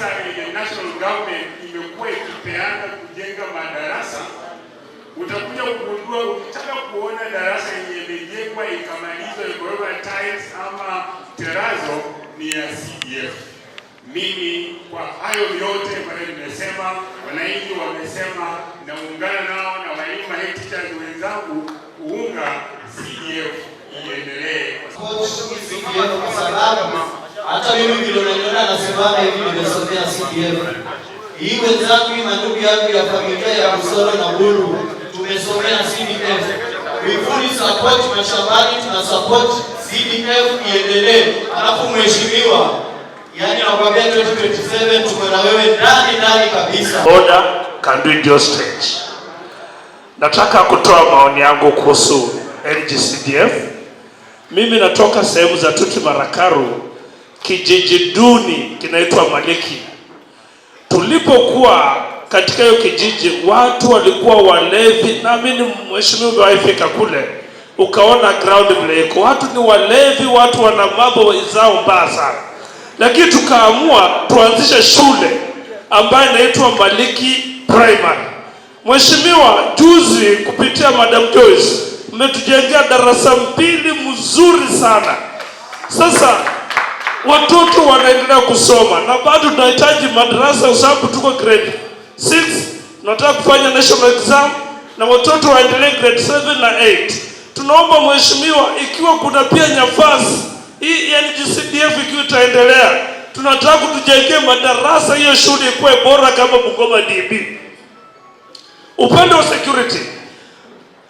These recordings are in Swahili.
pesa yenye eh, national government imekuwa ikipeana kujenga madarasa, utakuja kugundua, ukitaka kuona darasa yenye imejengwa ikamalizwa ikawekwa tiles ama terazo ni ya CDF. Mimi kwa hayo yote ambayo nimesema, wananchi wamesema, naungana nao na walimu headteachers wenzangu kuunga CDF iendelee kwa sababu hata mimi vile unaniona nasimama hivi nimesomea CDF. Hii wenzangu na ndugu yangu ya familia ya Busoro na Buru tumesomea CDF. Vivuli support mashambani tuna support CDF iendelee. Alafu mheshimiwa, yani nakwambia 2027 tuko na wewe ndani ndani kabisa. Order can do your justice. Nataka kutoa maoni yangu kuhusu LGCDF. Mimi natoka sehemu za Tuti Marakaru kijiji duni kinaitwa maliki Tulipokuwa katika hiyo kijiji, watu walikuwa walevi, naamini mheshimiwa umewahifika kule ukaona ground vile iko, watu ni walevi, watu wana mambo zao mbaya sana, lakini tukaamua tuanzishe shule ambayo inaitwa Maliki Primary. Mheshimiwa, juzi kupitia Madam Joyce mmetujengea darasa mbili mzuri sana. Sasa watoto wanaendelea kusoma na bado tunahitaji madarasa kwa sababu tuko grade 6 nataka kufanya national exam na watoto waendelee grade 7 na 8. Tunaomba mheshimiwa, ikiwa kuna pia nafasi hii NGCDF ikiwa itaendelea, tunataka kutujengee madarasa, hiyo shule ikuwe bora kama Bungoma DB. Upande wa security,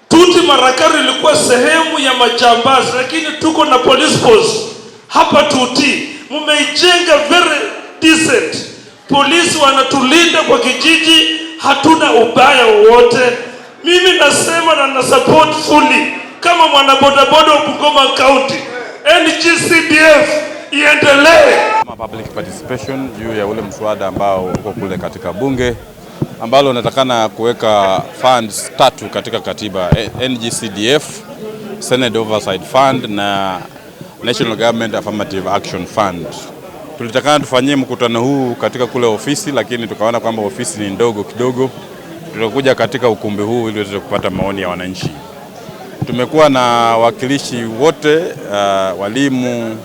Tuti Marakari ilikuwa sehemu ya majambazi, lakini tuko na police force hapa tuti Mmeijenga very decent, polisi wanatulinda kwa kijiji, hatuna ubaya wowote. Mimi nasema na na support fully kama mwanabodaboda wa Bungoma County, NGCDF iendelee. Public participation juu ya ule mswada ambao uko kule katika bunge ambalo unatakana kuweka funds tatu katika katiba: eh, NGCDF, Senate Oversight Fund na National Government Affirmative Action Fund. Tulitakana tufanyie mkutano huu katika kule ofisi, lakini tukaona kwamba ofisi ni ndogo kidogo. Tulikuja katika ukumbi huu ili tuweze kupata maoni ya wananchi. Tumekuwa na wakilishi wote, uh, walimu,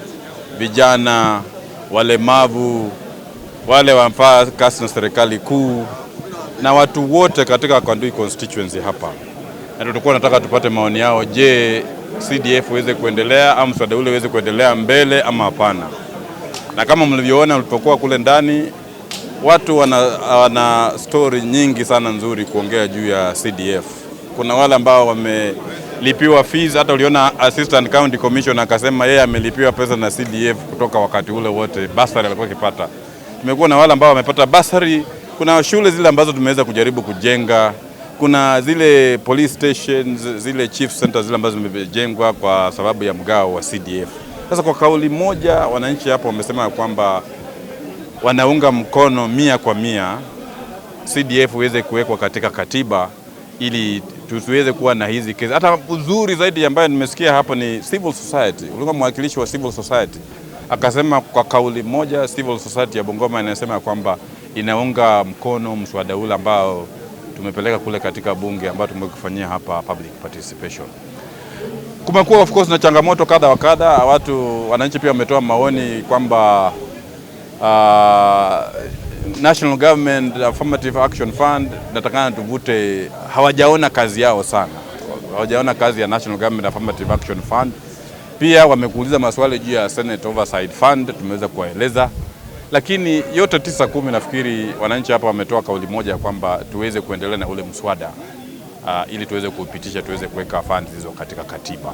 vijana, walemavu, wale wafanya kasi na serikali kuu na watu wote katika Kanduyi constituency hapa, na tulikuwa tunataka tupate maoni yao. Je, CDF iweze kuendelea au mswada ule uweze kuendelea mbele ama hapana. Na kama mlivyoona ulipokuwa kule ndani, watu wana, wana stori nyingi sana nzuri kuongea juu ya CDF. Kuna wale ambao wamelipiwa fees, hata uliona assistant county commissioner akasema yeye amelipiwa pesa na CDF kutoka wakati ule wote, basari alikuwa akipata. Tumekuwa na wale ambao wamepata basari. Kuna shule zile ambazo tumeweza kujaribu kujenga kuna zile police stations, zile chief centers zile ambazo zimejengwa kwa sababu ya mgao wa CDF. Sasa kwa kauli moja wananchi hapo wamesema kwamba wanaunga mkono mia kwa mia CDF iweze kuwekwa katika katiba ili tusiweze kuwa na hizi kesi. Hata uzuri zaidi ambayo nimesikia hapo ni civil society, ulikuwa mwakilishi wa civil society akasema kwa kauli moja, civil society ya Bungoma inasema kwamba inaunga mkono mswada ule ambao tumepeleka kule katika bunge ambayo tumekufanyia hapa public participation. Kumekuwa of course na changamoto kadha wa kadha, watu wananchi pia wametoa maoni kwamba uh, National Government Affirmative Action Fund natakana tuvute, hawajaona kazi yao sana, hawajaona kazi ya National Government Affirmative Action Fund. Pia wamekuuliza maswali juu ya Senate Oversight Fund, tumeweza kuwaeleza lakini yote tisa kumi, nafikiri wananchi hapa wametoa kauli moja ya kwamba tuweze kuendelea na ule mswada uh, ili tuweze kuupitisha, tuweze kuweka fundi hizo katika katiba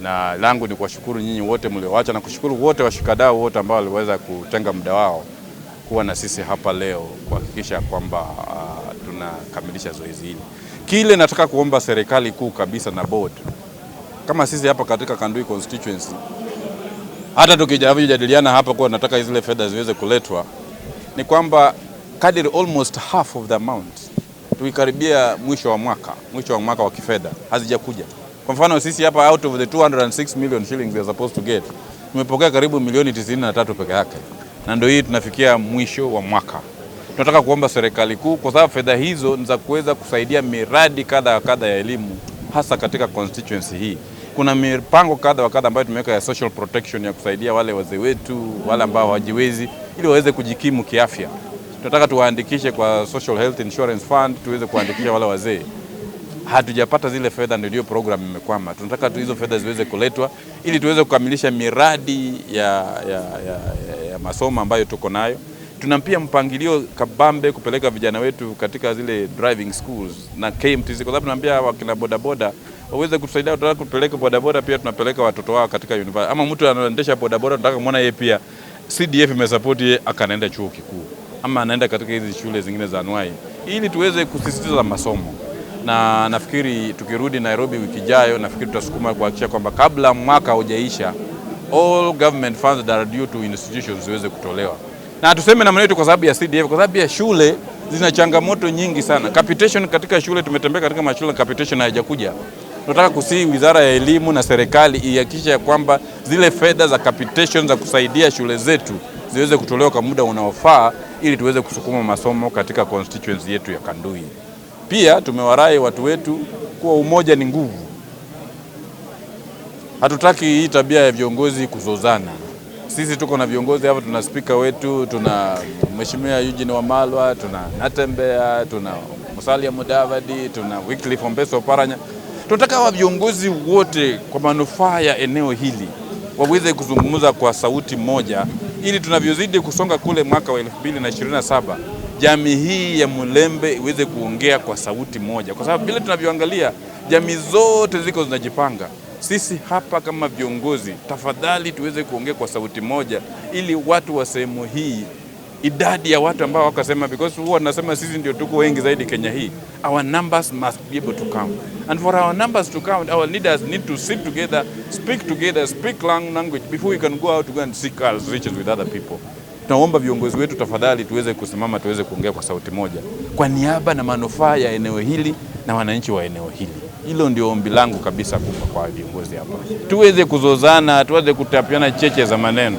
na langu ni kuwashukuru nyinyi wote mlioacha na kushukuru wote washikadau wote ambao waliweza kutenga muda wao kuwa na sisi hapa leo kuhakikisha kwamba uh, tunakamilisha zoezi hili. Kile nataka kuomba serikali kuu kabisa na board, kama sisi hapa katika Kandui constituency hata tukijadiliana hapa kuwa nataka zile fedha ziweze kuletwa, ni kwamba kadiri almost half of the amount tukikaribia mwisho wa mwaka mwisho wa mwaka wa kifedha hazijakuja. Kwa mfano sisi hapa out of the 206 million shillings we are supposed to get tumepokea karibu milioni 93 peke yake, na ndio hii tunafikia mwisho wa mwaka. Tunataka kuomba serikali kuu, kwa sababu fedha hizo ni za kuweza kusaidia miradi kadha wa kadha ya elimu hasa katika constituency hii. Kuna mipango kadha wa kadha ambayo tumeweka ya social protection ya kusaidia wale wazee wetu, wale ambao hawajiwezi, ili waweze kujikimu kiafya. Tunataka tuwaandikishe kwa Social Health Insurance Fund, tuweze kuandikisha wale wazee. Hatujapata zile fedha, ndio hiyo program imekwama. Tunataka tu hizo fedha ziweze kuletwa ili tuweze kukamilisha miradi ya, ya, ya, ya masomo ambayo tuko nayo. Tuna pia mpangilio kabambe kupeleka vijana wetu katika zile driving schools na KMTC kwa sababu tunaambia wakina bodaboda waweze kutusaidia. Tunataka kupeleka bodaboda pia, tunapeleka watoto wao katika university, ama mtu anaendesha bodaboda, tunataka muone yeye pia CDF imesapoti yeye akaenda chuo kikuu ama anaenda katika hizi shule zingine za anuai, ili tuweze kusisitiza masomo na nafikiri tukirudi Nairobi wiki ijayo, nafikiri tutasukuma kuhakikisha kwamba kabla mwaka hujaisha all government funds that are due to institutions ziweze kutolewa, na tuseme namna yetu, kwa sababu ya CDF, kwa sababu ya shule zina changamoto nyingi sana. Capitation katika shule, tumetembea katika mashule, capitation haijakuja tunataka kusihi Wizara ya Elimu na serikali ihakikishe ya kwamba zile fedha za capitation za kusaidia shule zetu ziweze kutolewa kwa muda unaofaa ili tuweze kusukuma masomo katika constituency yetu ya Kanduyi. Pia tumewarai watu wetu kuwa umoja ni nguvu. Hatutaki hii tabia ya viongozi kuzozana. Sisi tuko na viongozi hapa, tuna spika wetu, tuna Mheshimiwa Eugene Wamalwa, tuna Natembeya, tuna Musalia Mudavadi, tuna Wycliffe Ombeso Paranya. Tunataka hawa viongozi wote kwa manufaa ya eneo hili waweze kuzungumza kwa sauti moja, ili tunavyozidi kusonga kule mwaka wa 2027 jamii hii ya Mulembe iweze kuongea kwa sauti moja, kwa sababu vile tunavyoangalia jamii zote ziko zinajipanga. Sisi hapa kama viongozi, tafadhali tuweze kuongea kwa sauti moja, ili watu wa sehemu hii idadi ya watu ambao wakasema, because huwa nasema sisi ndio tuko wengi zaidi Kenya hii. Our numbers must be able to count and for our numbers to count our leaders need to sit together, speak together, speak language before we can go out to go and seek our riches with other people. Tunaomba viongozi wetu tafadhali, tuweze kusimama, tuweze kuongea kwa sauti moja kwa niaba na manufaa ya eneo hili na wananchi wa eneo hili. Hilo ndio ombi langu kabisa kubwa kwa viongozi hapa, tuweze kuzozana, tuweze kutapiana cheche za maneno.